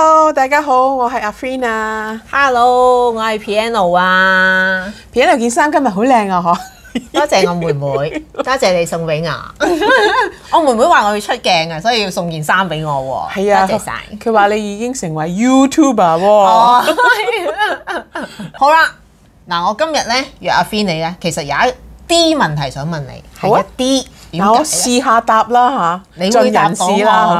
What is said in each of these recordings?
Hello，大家好，我係阿 Freen 啊。Hello，我係 Piano 啊。Piano 件衫今日好靚啊，嗬！多謝我妹妹，多 謝，謝你送俾我。 我妹妹話我要出鏡啊，所以要送件衫俾我。係啊，多謝晒。佢話你已經成為 YouTuber 喎。 哦、 好啦，嗱，我今日咧約阿 Freen 你咧，其實有一啲問題想問你，係、啊、一啲，我試下答啦吓、啊。你會答到我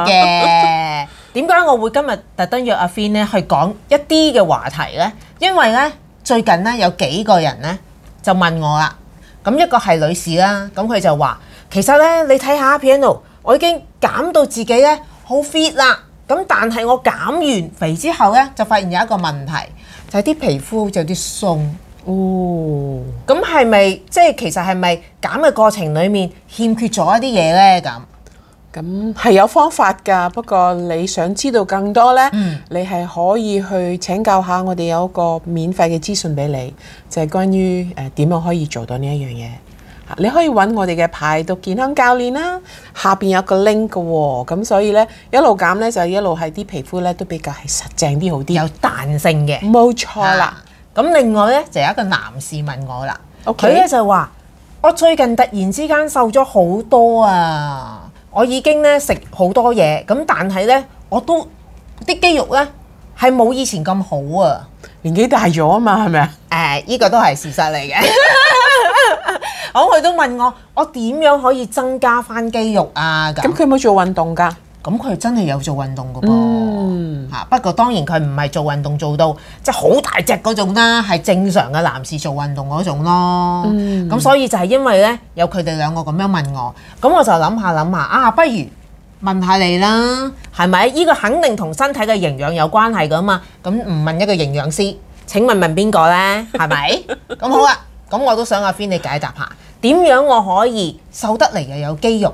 嘅？啊 點解我會今日特登約 Afreen 咧去講一啲嘅話題呢？因為呢，最近呢，有幾個人呢就問我啦，咁一個係女士啦，咁佢就話其實呢，你睇下阿 Piano，我已經減到自己呢好 fit 啦，咁但係我減完肥之後呢，就發現有一個問題，就係啲皮膚就有啲鬆哦。咁係咪即係其實係咪減嘅過程裡面欠缺咗一啲嘢呢？咁？咁、嗯、係有方法噶，不過你想知道更多呢、嗯，你係可以去請教下我哋，有一個免費嘅資訊俾你，就係、是、關於誒點樣可以做到呢一樣嘢。你可以揾我哋嘅排毒健康教練啦、啊，下邊有個 link 噶、啊，咁、啊、所以呢，一路減呢，就一路係啲皮膚呢都比較係實淨啲，好啲有彈性嘅冇錯啦。咁、啊、另外呢，就有一個男士問我啦，佢、okay? 咧就話我最近突然之間瘦咗好多啊。我已經咧食好多嘢，咁但係咧我都啲肌肉咧係冇以前咁好啊。年紀大咗啊嘛，係咪啊？誒、呃，依、這個都係事實嚟嘅。好，佢都問我，我點樣可以增加返肌肉啊？咁佢有冇做運動㗎？咁佢真係有做運動噶噃嚇，不過當然佢唔係做運動做到即係好大隻嗰種啦，係正常嘅男士做運動嗰種咯。咁、嗯、所以就係因為呢，有佢哋兩個咁樣問我，咁我就諗下諗下，啊，不如問下你啦，係咪？呢、呢個肯定同身體嘅營養有關係噶嘛。咁唔問一個營養師，請問問邊個呢？係咪？咁 好啦，咁我都想 Afreen 你解答下，點樣我可以瘦得嚟又有肌肉？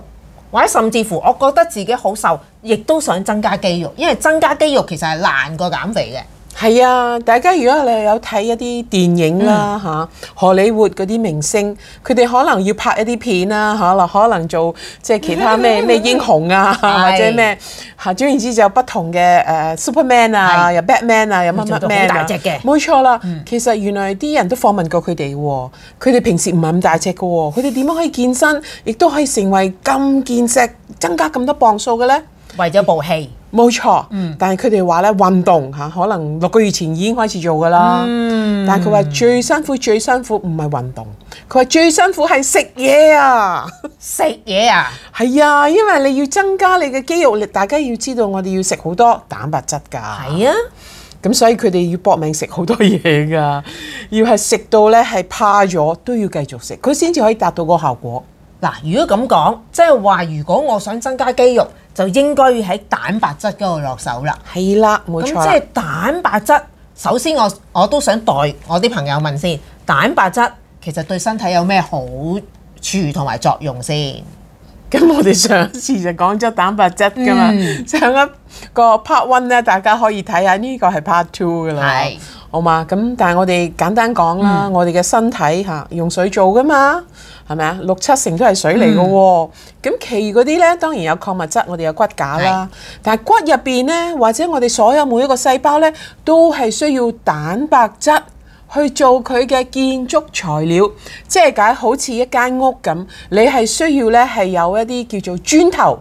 或者甚至乎，我覺得自己好瘦，亦都想增加肌肉，因為增加肌肉其實係難過減肥嘅。係啊，大家如果你有睇一啲電影啦嚇、嗯，荷里活嗰啲明星，佢哋可能要拍一啲片啦嚇啦，可能做即係其他咩咩、嗯、英雄啊，或者咩嚇，總言之就有不同嘅誒，Superman 啊，有 Batman 啊，有乜乜乜大隻嘅，冇錯啦、嗯。其實原來啲人都訪問過佢哋喎，佢哋平時唔係咁大隻嘅喎，佢哋點樣可以健身，亦都可以成為咁健碩，增加咁多磅數嘅咧？為咗部戲。冇錯，嗯、但係佢哋話咧運動吓，可能六個月前已經開始做㗎喇、嗯。但係佢話最辛苦最辛苦唔係運動，佢話最辛苦係食嘢啊！食嘢啊！係啊，因為你要增加你嘅肌肉力，大家要知道我哋要食好多蛋白質㗎。係啊，咁所以佢哋要搏命食好多嘢㗎，要係食到咧係趴咗都要繼續食，佢先至可以達到個效果。嗱，如果咁講，即係話如果我想增加肌肉，就應該要喺蛋白質嗰度落手啦。係啦，冇錯。咁即係蛋白質，首先我我都想代我啲朋友問先，蛋白質其實對身體有咩好處同埋作用先？咁我哋上次就講咗蛋白質噶嘛、嗯，上一個 part one 咧，大家可以睇下呢個係 part two 噶啦，係好嘛？咁但係我哋簡單講啦、嗯，我哋嘅身體嚇用水做噶嘛。係咪啊？六七成都係水嚟嘅喎，咁、嗯、其餘嗰啲呢，當然有礦物質，我哋有骨架啦。但係骨入邊呢，或者我哋所有每一個細胞呢，都係需要蛋白質去做佢嘅建築材料。即係解好似一間屋咁，你係需要呢，係有一啲叫做磚頭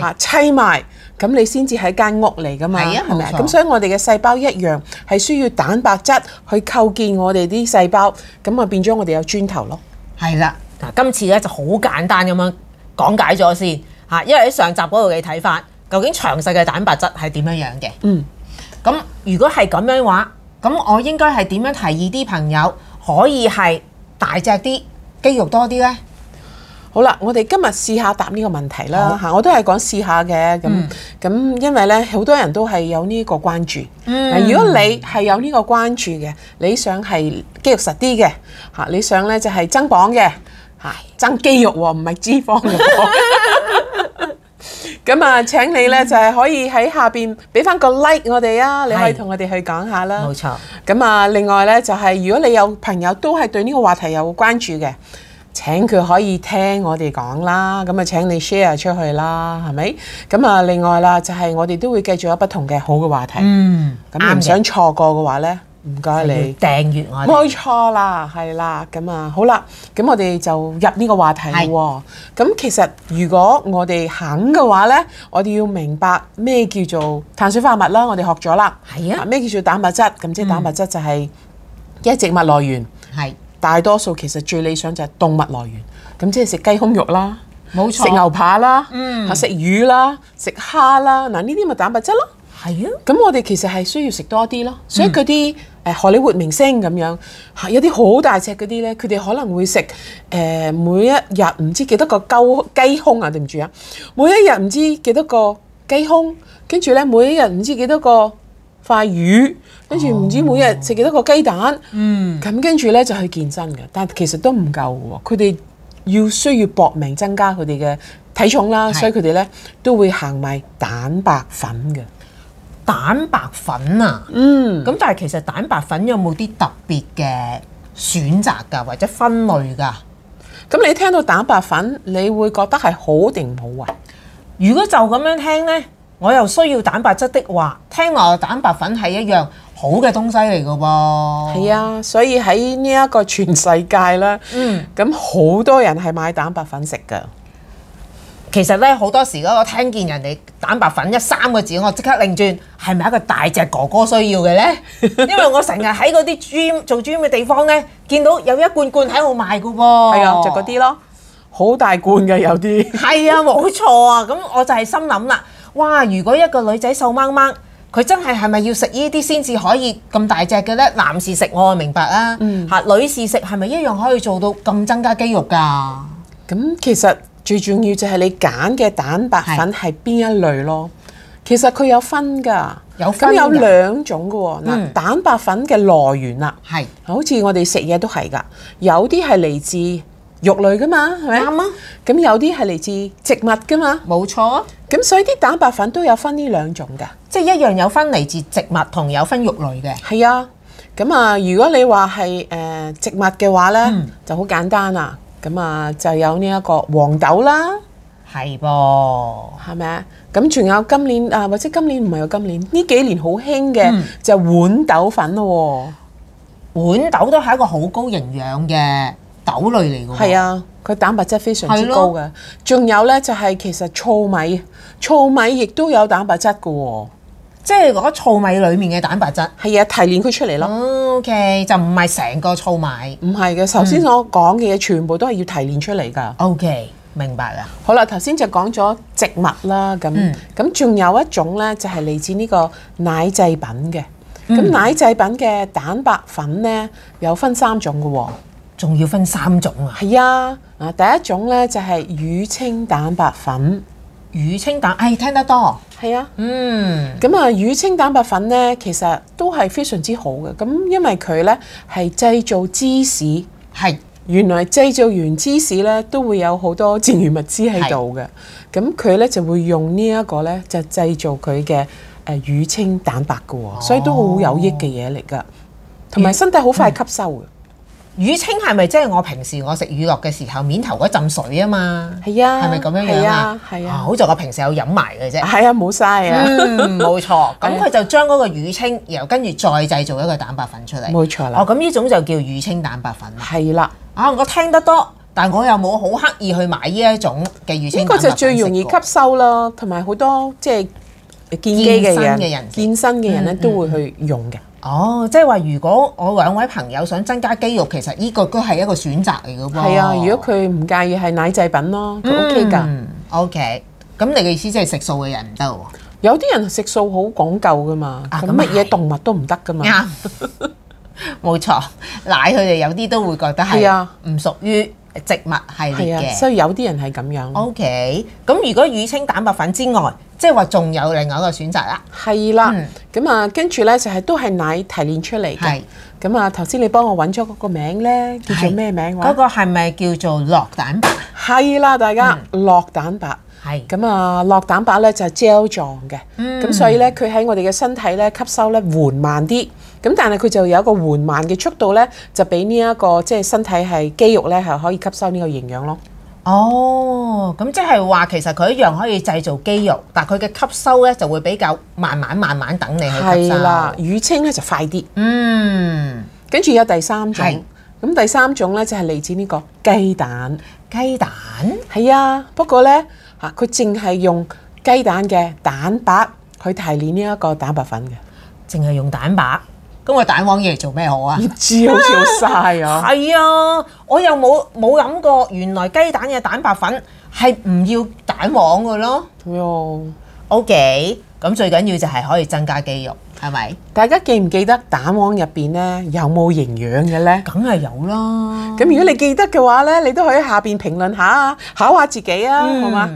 啊砌埋，咁你先至係一間屋嚟噶嘛，係咪啊？咁所以我哋嘅細胞一樣係需要蛋白質去構建我哋啲細胞，咁啊變咗我哋有磚頭咯。係啦。嗱，今次咧就好簡單咁樣講解咗先嚇，因為喺上集嗰度嘅睇法，究竟詳細嘅蛋白質係點樣樣嘅？嗯，咁如果係咁樣嘅話，咁我應該係點樣提議啲朋友可以係大隻啲、肌肉多啲呢？好啦，我哋今日試下答呢個問題啦嚇，我都係講試下嘅，咁咁，嗯、因為呢，好多人都係有呢個關注。嗯、如果你係有呢個關注嘅，你想係肌肉實啲嘅嚇，你想呢就係、是、增磅嘅。係增肌肉喎、啊，唔係脂肪嘅。咁 啊， 請你呢，嗯、就係、是、可以喺下邊俾翻個 like 我哋啊，你可以同我哋去講下啦。冇錯。咁啊，另外呢，就係、是、如果你有朋友都係對呢個話題有關注嘅，請佢可以聽我哋講啦。咁啊，請你 share 出去啦，係咪？咁啊，另外啦，就係、是、我哋都會繼續有不同嘅好嘅話題。嗯，咁你唔想錯過嘅話呢。嗯唔該你訂閲我冇錯啦，係啦，咁啊，好啦，咁我哋就入呢個話題喎。咁其實如果我哋肯嘅話呢，我哋要明白咩叫做碳水化合物啦，我哋學咗啦。係啊。咩叫做蛋白質？咁即係蛋白質就係、嗯、一植物來源。係。大多數其實最理想就係動物來源。咁即係食雞胸肉啦。冇錯。食牛扒啦。嗯。食魚啦，食蝦啦。嗱，呢啲咪蛋白質咯。係啊。咁我哋其實係需要食多啲咯、嗯。所以嗰啲誒荷里活明星咁樣，有啲好大隻嗰啲咧，佢哋可能會食誒、呃、每一日唔知幾多個雞胸啊，對唔住啊，每一日唔知幾多個雞胸，跟住咧每一日唔知幾多個塊魚，跟住唔知每日食幾多個雞蛋，哦、嗯，咁跟住咧就去健身嘅，但係其實都唔夠喎，佢哋要需要搏命增加佢哋嘅體重啦，所以佢哋咧都會行埋蛋白粉嘅。蛋白粉啊，嗯，咁但係其實蛋白粉有冇啲特別嘅選擇㗎，或者分類㗎？咁你聽到蛋白粉，你會覺得係好定唔好啊？如果就咁樣聽呢，我又需要蛋白質的話，聽落蛋白粉係一樣好嘅東西嚟嘅喎。係啊，所以喺呢一個全世界啦，嗯，咁好多人係買蛋白粉食㗎。其實咧，好多時我聽見人哋蛋白粉一三個字，我即刻擰轉，係咪一個大隻哥哥需要嘅咧？ 因為我成日喺嗰啲豬做豬嘅地方咧，見到有一罐罐喺度賣嘅噃。係啊，就嗰、是、啲咯， 好大罐嘅有啲。係啊，冇錯啊。咁 我就係心諗啦，哇！如果一個女仔瘦掹掹，佢真係係咪要食呢啲先至可以咁大隻嘅咧？男士食我明白啦，嚇、嗯啊，女士食係咪一樣可以做到咁增加肌肉㗎？咁、嗯、其實。最重要就係你揀嘅蛋白粉係邊一類咯，其實佢有分噶，有分有兩種噶。嗱，蛋白粉嘅來源啦，係，好似我哋食嘢都係噶，有啲係嚟自肉類噶嘛，係咪？啱啊，咁有啲係嚟自植物噶嘛，冇錯。咁所以啲蛋白粉都有分呢兩種噶，即係一樣有分嚟自植物同有分肉類嘅。係啊，咁啊，如果你話係誒植物嘅話咧，嗯、就好簡單啦。咁啊，就有呢一個黃豆啦，係噃，係咪啊？咁仲有今年啊，或者今年唔係有今年呢幾年好興嘅就係豌豆粉咯，豌豆都係一個好高營養嘅豆類嚟嘅，係啊，佢蛋白質非常之高嘅。仲有咧就係其實糙米，糙米亦都有蛋白質嘅喎。即係嗰個糙米裡面嘅蛋白質，係啊，提煉佢出嚟咯。O、okay, K，就唔係成個糙米，唔係嘅。頭先我講嘅嘢全部都係要提煉出嚟㗎。O、okay, K，明白啦。好啦，頭先就講咗植物啦，咁咁仲有一種咧，就係嚟自呢個奶製品嘅。咁、嗯、奶製品嘅蛋白粉咧，有分三種嘅喎，仲要分三種啊。係啊，啊第一種咧就係乳清蛋白粉，乳清蛋，哎，聽得多。係啊，嗯，咁啊乳清蛋白粉呢，其實都係非常之好嘅。咁因為佢呢係製造芝士，係原來製造完芝士呢都會有好多剩餘物資喺度嘅。咁佢呢就會用呢一個呢就製造佢嘅乳清蛋白嘅，所以都好有益嘅嘢嚟噶，同、哦、埋身體好快吸收嘅乳清係咪即係我平時我食乳酪嘅時候面頭嗰浸水啊嘛？係啊，係咪咁樣樣啊？係啊，係啊，好似我平時有飲埋嘅啫。係啊，冇嘥啊。冇、嗯、錯。咁 佢就將嗰個乳清，然後跟住再製造一個蛋白粉出嚟。冇錯啦。哦，咁呢種就叫乳清蛋白粉啦。係啦、啊。啊，我聽得多，但我又冇好刻意去買呢一種嘅乳清蛋白粉。呢個就最容易吸收啦，同埋好多即係健肌嘅人，健身嘅人咧都會去用嘅。嗯嗯。哦，即係話如果我兩位朋友想增加肌肉，其實呢個都係一個選擇嚟嘅噃。係啊，如果佢唔介意係奶製品咯，就、嗯、OK 㗎。OK，咁你嘅意思即係食素嘅人唔得喎？有啲人食素好講究㗎嘛，咁乜嘢動物都唔得㗎嘛。啱、啊，冇、yeah, 錯，奶佢哋有啲都會覺得係啊，唔屬於植物係嚟嘅，所以有啲人係咁樣。OK，咁如果乳清蛋白粉之外？即係話仲有另外一個選擇係啦，係啦，咁啊，跟住咧就係都係奶提煉出嚟嘅，咁啊，頭先你幫我揾咗嗰個名咧，叫做咩名？嗰、嗰個係咪叫做酪蛋白？係啦，大家酪、嗯、蛋白，係咁啊，酪蛋白咧就係膠狀嘅，咁、嗯、所以咧佢喺我哋嘅身體咧吸收咧緩慢啲，咁但係佢就有一個緩慢嘅速度咧、呢個，就俾呢一個即係身體係肌肉咧係可以吸收呢個營養咯。哦，咁即係話其實佢一樣可以製造肌肉，但係佢嘅吸收咧就會比較慢慢慢慢等你去吸收。係啦，乳清咧就快啲。嗯，跟住有第三種，咁第三種咧就係嚟自呢個雞蛋。雞蛋？係啊，不過咧吓佢淨係用雞蛋嘅蛋白去提煉呢一個蛋白粉嘅，淨係用蛋白。咁個蛋黃嘢嚟做咩好啊？好似好嘥啊！係啊，我又冇冇諗過，原來雞蛋嘅蛋白粉係唔要蛋黃嘅咯。係啊，OK。咁最緊要就係可以增加肌肉，係咪？大家記唔記得蛋黃入邊咧有冇營養嘅咧？梗係有啦。咁如果你記得嘅話咧，你都可以喺下邊評論下啊，考下自己啊，好嘛？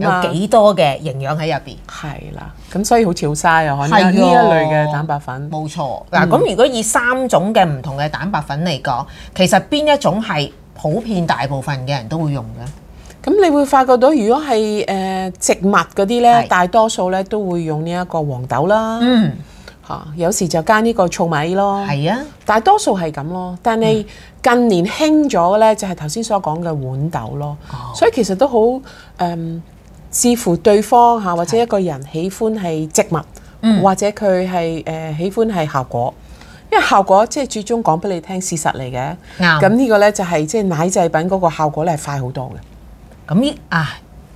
啊、有幾多嘅營養喺入邊？係啦，咁所以好似好嘥又可能呢一類嘅蛋白粉。冇錯，嗱、嗯、咁如果以三種嘅唔同嘅蛋白粉嚟講，其實邊一種係普遍大部分嘅人都會用嘅？咁你會發覺到，如果係誒植物嗰啲咧，大多數咧都會用呢一個黃豆啦。嗯，嚇，有時就加呢個糙米咯。係啊，大多數係咁咯。但係近年興咗咧，就係頭先所講嘅豌豆咯。所以其實都好誒。嗯視乎對方嚇，或者一個人喜歡係植物，或者佢係誒喜歡係效果、嗯，因為效果即係最終講俾你聽，事實嚟嘅。咁、嗯、呢個呢，就係即係奶製品嗰個效果咧係快好多嘅。咁、嗯、啊，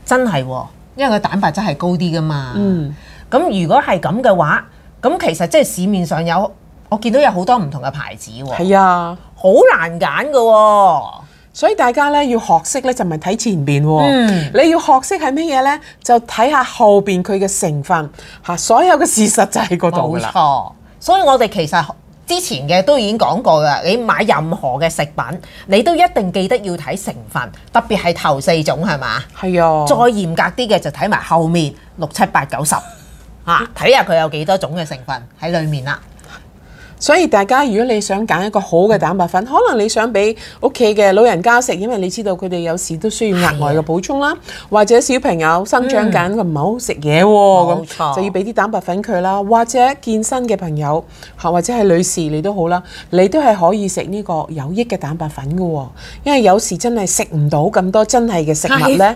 真係、哦，因為佢蛋白質係高啲噶嘛。嗯。咁如果係咁嘅話，咁其實即係市面上有，我見到有好多唔同嘅牌子喎、哦。係啊。好難揀㗎喎。所以大家咧要學識咧就唔係睇前邊喎、嗯，你要學識係咩嘢咧？就睇下後邊佢嘅成分嚇，所有嘅事實就喺嗰度啦。冇錯，所以我哋其實之前嘅都已經講過噶，你買任何嘅食品，你都一定記得要睇成分，特別係頭四種係嘛？係啊。再嚴格啲嘅就睇埋後面六七八九十嚇，睇下佢有幾多種嘅成分喺裏面啦。所以大家如果你想揀一個好嘅蛋白粉，可能你想俾屋企嘅老人家食，因為你知道佢哋有時都需要額外嘅補充啦。或者小朋友生長緊，佢唔係好食嘢，咁就要俾啲蛋白粉佢啦。或者健身嘅朋友，或者係女士，你都好啦，你都係可以食呢個有益嘅蛋白粉㗎。因為有時真係食唔到咁多真係嘅食物呢。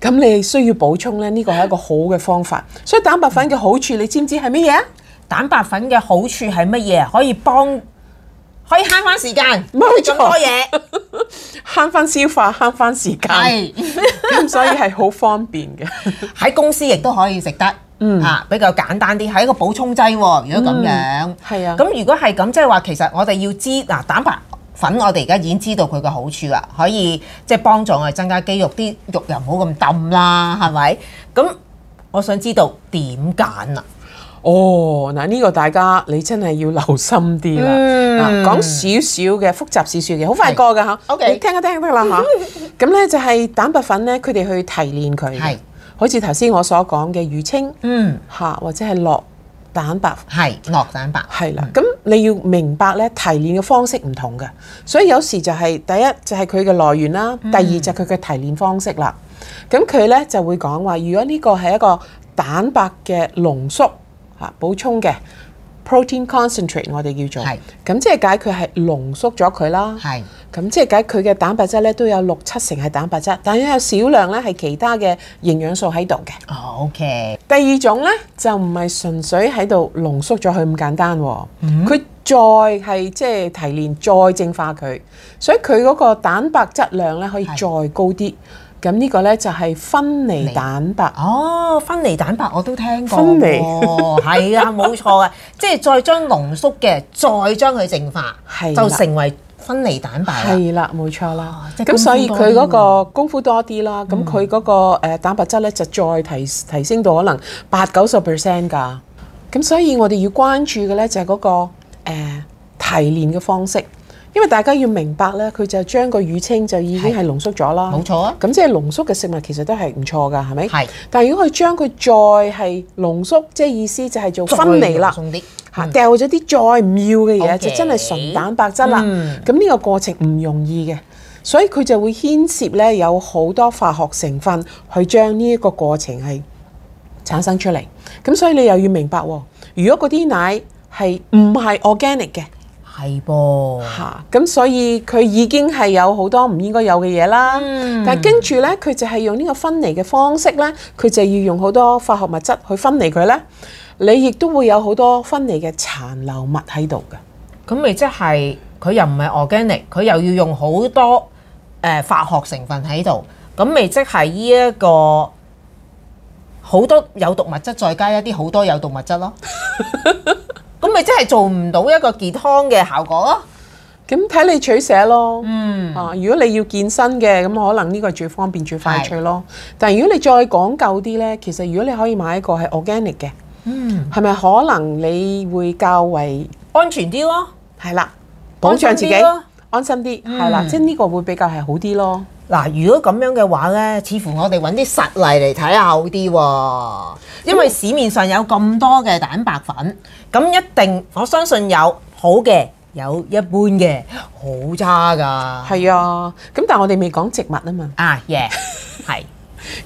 咁你需要補充呢，呢個係一個好嘅方法。所以蛋白粉嘅好處，嗯、你知唔知係乜嘢？蛋白粉嘅好處係乜嘢？可以幫可以慳翻時間，唔好做多嘢，慳 翻消化，慳翻時間。係咁， 所以係好方便嘅。喺公司亦都可以食得，嗯，啊，比較簡單啲，係一個補充劑，啊。如果咁樣，係、嗯、啊。咁如果係咁，即係話，其實我哋要知嗱，蛋白粉我哋而家已經知道佢嘅好處啦，可以即係幫助我哋增加肌肉，啲肉又唔好咁抌啦，係咪？咁我想知道點揀啊？哦，嗱、這、呢個大家你真係要留心啲啦。講少少嘅複雜少少嘅，好快過噶嚇。O K，聽一聽得啦嚇。咁咧 就係蛋白粉咧，佢哋去提煉佢，係好似頭先我所講嘅乳清，嗯嚇，或者係酪蛋白，係酪蛋白，係啦。咁、嗯、你要明白咧，提煉嘅方式唔同嘅，所以有時就係、是、第一就係佢嘅來源啦，第二就係佢嘅提煉方式啦。咁佢咧就會講話，如果呢個係一個蛋白嘅濃縮補充嘅 protein concentrate，我哋叫做，咁即係解佢係濃縮咗佢啦。係，咁即係解佢嘅蛋白質咧都有六七成係蛋白質，但係有少量咧係其他嘅營養素喺度嘅。哦，OK。第二種咧就唔係純粹喺度濃縮咗佢咁簡單，佢再係即係提煉再淨化佢，所以佢嗰個蛋白質量咧可以再高啲。咁呢個呢，就係、是、分離蛋白，哦，分離蛋白我都聽過，分離，哦，係啊，冇錯啊。即係再將濃縮嘅，再將佢淨化，係就成為分離蛋白啦，係啦，冇錯啦。咁、哦、所以佢嗰個功夫多啲啦，咁佢嗰個誒蛋白質呢，就再提提升到可能八九十 percent 㗎。咁所以我哋要關注嘅呢，就係、是、嗰、那個、呃、提煉嘅方式。因為大家要明白咧，佢就將個乳清就已經係濃縮咗啦。冇錯啊！咁即係濃縮嘅食物，其實都係唔錯噶，係咪？係。但係如果佢將佢再係濃縮，即係意思就係做分離啦，掉咗啲再唔要嘅嘢，嗯，就真係純蛋白質啦。咁、嗯、呢個過程唔容易嘅，所以佢就會牽涉咧，有好多化學成分去將呢一個過程係產生出嚟。咁、嗯、所以你又要明白，如果嗰啲奶係唔係 organic 嘅？係噃，吓、啊、咁所以佢已經係有好多唔應該有嘅嘢啦。但係跟住呢，佢就係用呢個分離嘅方式呢，佢就要用好多化學物質去分離佢呢。你亦都會有好多分離嘅殘留物喺度嘅。咁咪即係佢又唔係 organic，佢又要用好多、呃、化學成分喺度。咁咪即係呢一個好多有毒物質，再加一啲好多有毒物質咯。 咁咪真係做唔到一個健康嘅效果咯？咁睇你取捨咯。嗯。啊，如果你要健身嘅，咁可能呢個最方便最快捷咯。但係如果你再講究啲咧，其實如果你可以買一個係 organic 嘅，嗯，係咪可能你會較為安全啲咯？係啦，保障自己，安，安心啲，係啦、嗯，即係呢個會比較係好啲咯。嗱，如果咁樣嘅話呢，似乎我哋揾啲實例嚟睇下好啲喎。因為市面上有咁多嘅蛋白粉，咁一定我相信有好嘅，有一般嘅、啊 ah, yeah. 好差噶。係啊，咁但係我哋未講植物啊嘛。啊 yeah, 係。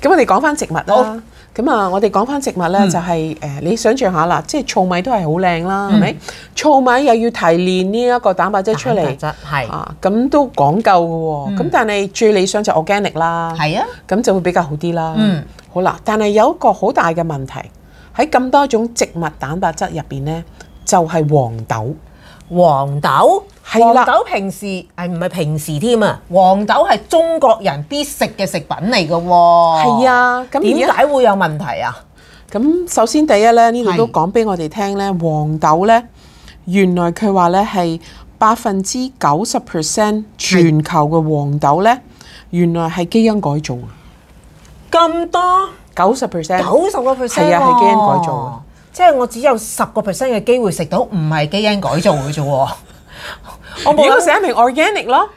咁我哋講返植物囉。咁啊，我哋講返植物咧、就是，就係誒，你想像下啦，即係糙米都係好靚啦，係、嗯、咪？糙米又要提煉呢一個蛋白質出嚟，係啊，咁都講究嘅喎。咁、嗯、但係最理想就 organic 啦，係、嗯、啊，咁就會比較好啲啦。嗯，好啦，但係有一個好大嘅問題，喺咁多種植物蛋白質入邊咧，就係、是、黃豆。黃豆係啦，黃豆平時係唔係平時添啊，黃豆係中國人必食嘅食品嚟嘅喎。係啊，點解會有問題啊？咁首先第一咧，呢度都講俾我哋聽咧，黃豆咧原來佢話咧係百分之九十 percent 全球嘅黃豆咧，原來係基因改造啊！咁多九十 percent，九十個 percent 係啊，係基因改造。即係我只有十個 percent 嘅機會食到唔係基因改造嘅啫喎，我冇寫明 organic 咯，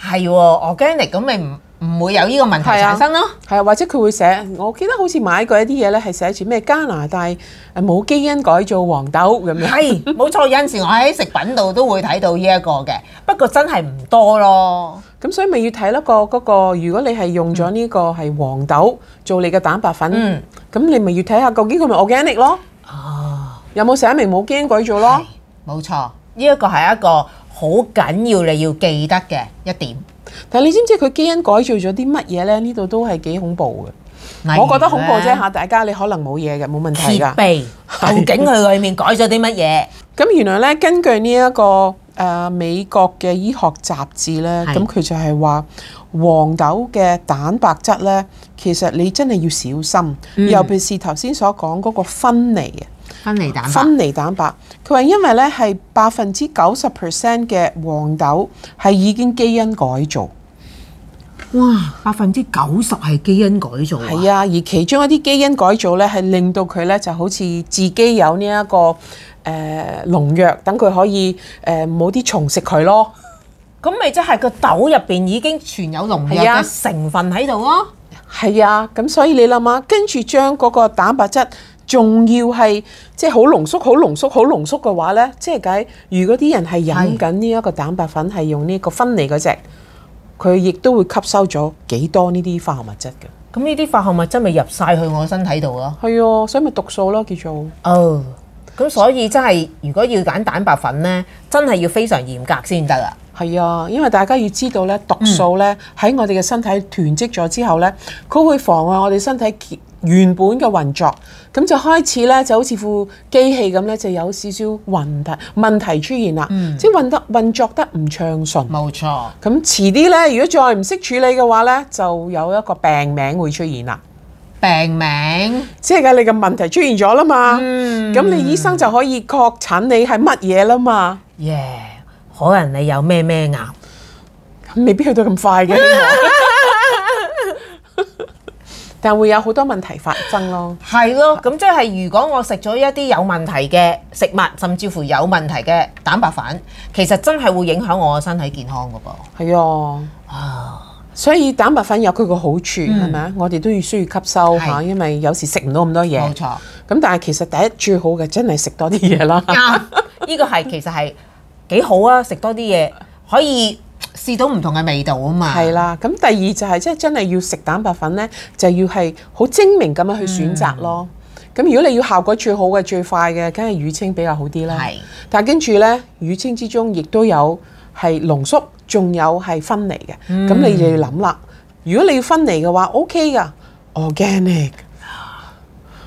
係 organic 咁咪唔，唔會有依個問題產生咯，係啊，或者佢會寫，我記得好似買過一啲嘢咧，係寫住咩加拿大冇基因改造黃豆咁樣，係冇錯，有陣時我喺食品度都會睇到依一個嘅，不過真係唔多咯。咁所以咪要睇咯，個嗰個如果你係用咗呢個係黃豆做你嘅蛋白粉，咁你咪要睇下究竟佢咪 organic 咯。哦，有冇寫明冇基因改造咯？冇錯，呢一個係一個好緊要你要記得嘅一點。但係你知唔知佢基因改造咗啲乜嘢咧？呢度都係幾恐怖嘅。我覺得恐怖啫吓，大家你可能冇嘢嘅，冇問題噶。揭秘究竟佢裏面改咗啲乜嘢？咁原來咧，根據呢一個。誒、啊、美國嘅醫學雜誌呢，咁佢就係話黃豆嘅蛋白質呢，其實你真係要小心，嗯、尤其是頭先所講嗰個分離嘅分離蛋白、分離蛋白，佢話因為呢係百分之九十 percent 嘅黃豆係已經基因改造，哇！百分之九十係基因改造、啊，係啊，而其中一啲基因改造呢，係令到佢呢就好似自己有呢、這、一個。誒、呃，農藥等佢可以誒，冇啲蟲食佢咯。咁咪即係個豆入邊已經存有農藥嘅成分喺度、啊、咯。係啊，咁所以你諗下，跟住將嗰個蛋白質仲要係即係好濃縮、好濃縮、好濃縮嘅話呢，即係喺如果啲人係飲緊呢一個蛋白粉，係、啊、用呢個分離嗰隻，佢亦都會吸收咗幾多呢啲化學物質嘅。咁呢啲化學物質咪入晒去我身體度咯。係啊，所以咪毒素咯叫做。哦、oh.。咁所以真係，如果要揀蛋白粉呢，真係要非常嚴格先得啊！係啊，因為大家要知道呢，毒素呢，喺我哋嘅身體囤積咗之後呢，佢、嗯、會妨礙我哋身體原本嘅運作，咁就開始呢，就好似副機器咁呢，就有少少運得問題出現啦、嗯。即係運得運作得唔暢順。冇錯。咁遲啲呢，如果再唔識處理嘅話呢，就有一個病名會出現啦。病名，即係你個問題出現咗啦嘛，咁、嗯、你醫生就可以確診你係乜嘢啦嘛。耶、yeah，可能你有咩咩癌，未必去到咁快嘅。 但會有好多問題發生咯。係咯，咁即係如果我食咗一啲有問題嘅食物，甚至乎有問題嘅蛋白粉，其實真係會影響我嘅身體健康噶噃。係啊。啊。所以蛋白粉有佢個好處，係咪？啊？我哋都要需要吸收吓，因為有時食唔到咁多嘢。冇錯。咁但係其實第一最好嘅，真係食多啲嘢啦。呢 個係其實係幾好啊！食多啲嘢可以試到唔同嘅味道啊嘛。係啦。咁第二就係即係真係要食蛋白粉咧，就要係好精明咁樣去選擇咯。咁、嗯、如果你要效果最好嘅、最快嘅，梗係乳清比較好啲啦。係。但係跟住咧，乳清之中亦都有係濃縮。仲有係分離嘅，咁你就要諗啦。如果你要分離嘅話，OK 噶，organic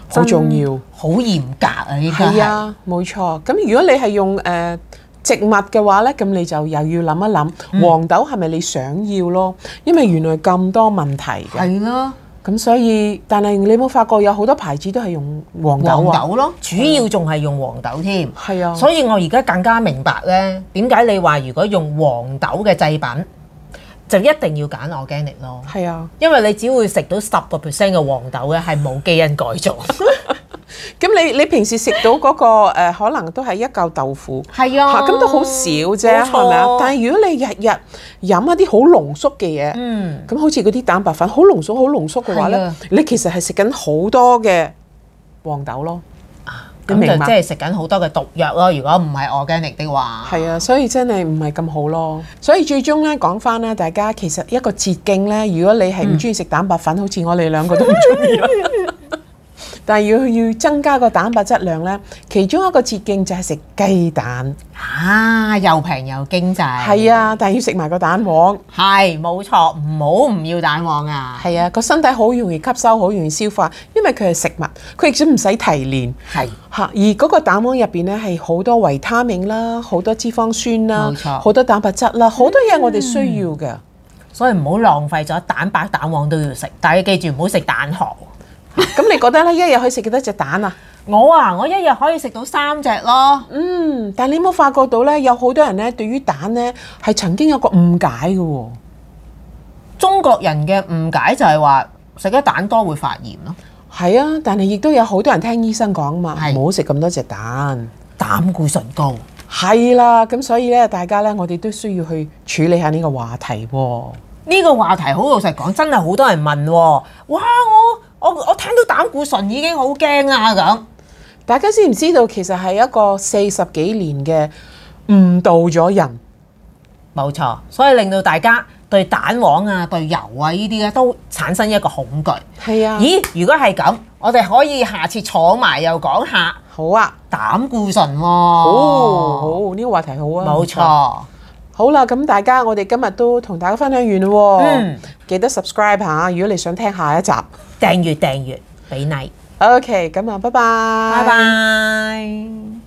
好重要，好嚴格啊！依家係啊，冇錯。咁如果你係用誒植物嘅話咧，咁你就又要諗一諗黃豆係咪你想要咯？因為原來咁多問題嘅。係咯。咁所以，但係你冇發覺有好多牌子都係用黃豆啊？黃豆咯，主要仲係用黃豆添。係啊，所以我而家更加明白咧，點解你話如果用黃豆嘅製品，就一定要揀 organic 咯。係啊，因為你只會食到十個 percent 嘅黃豆咧，係冇基因改造。 咁你你平時食到嗰個誒，可能都係一嚿豆腐，係啊，咁都好少啫，係咪啊？但係如果你日日飲一啲好濃縮嘅嘢，嗯，咁好似嗰啲蛋白粉，好濃縮、好濃縮嘅話咧，你其實係食緊好多嘅黃豆咯。咁就即係食緊好多嘅毒藥咯。如果唔係 organic 的話，係啊，所以真係唔係咁好咯。所以最終咧，講翻咧，大家其實一個捷徑咧，如果你係唔中意食蛋白粉，好似我哋兩個都唔中意。但係要要增加個蛋白質量呢，其中一個捷徑就係食雞蛋啊，又平又經濟。係啊，但係要食埋個蛋黃。係，冇錯，唔好唔要蛋黃啊。係啊，個身體好容易吸收，好容易消化，因為佢係食物，佢亦都唔使提煉。係吓，而嗰個蛋黃入邊呢，係好多維他命啦，好多脂肪酸啦，好多蛋白質啦，好多嘢，我哋需要嘅、嗯。所以唔好浪費咗，蛋白蛋黃都要食。但係記住唔好食蛋殼。咁 你覺得咧，一日可以食幾多隻蛋啊？我啊，我一日可以食到三隻咯。嗯，但係你冇發覺到咧，有好多人咧對於蛋咧係曾經有一個誤解嘅喎、哦。中國人嘅誤解就係話食咗蛋多會發炎咯。係啊，但係亦都有好多人聽醫生講啊嘛，唔好食咁多隻蛋，膽固醇高。係啦、啊，咁所以咧，大家咧，我哋都需要去處理一下呢個話題喎、哦。呢、呢個話題好老實講，真係好多人問喎、哦。哇，我～我我聽到膽固醇已經好驚啦，咁大家知唔知道其實係一個四十幾年嘅誤導咗人，冇錯，所以令到大家對蛋黃啊、對油啊呢啲咧都產生一個恐懼。係啊，咦？如果係咁，我哋可以下次坐埋又講下。好啊，膽固醇喎、啊哦，好，好、呢、呢個話題好啊，冇錯。冇錯好啦，咁大家我哋今日都同大家分享完喎。嗯，記得 subscribe 下，如果你想聽下一集，訂閱訂閱俾你。OK，咁啊，拜拜，拜拜。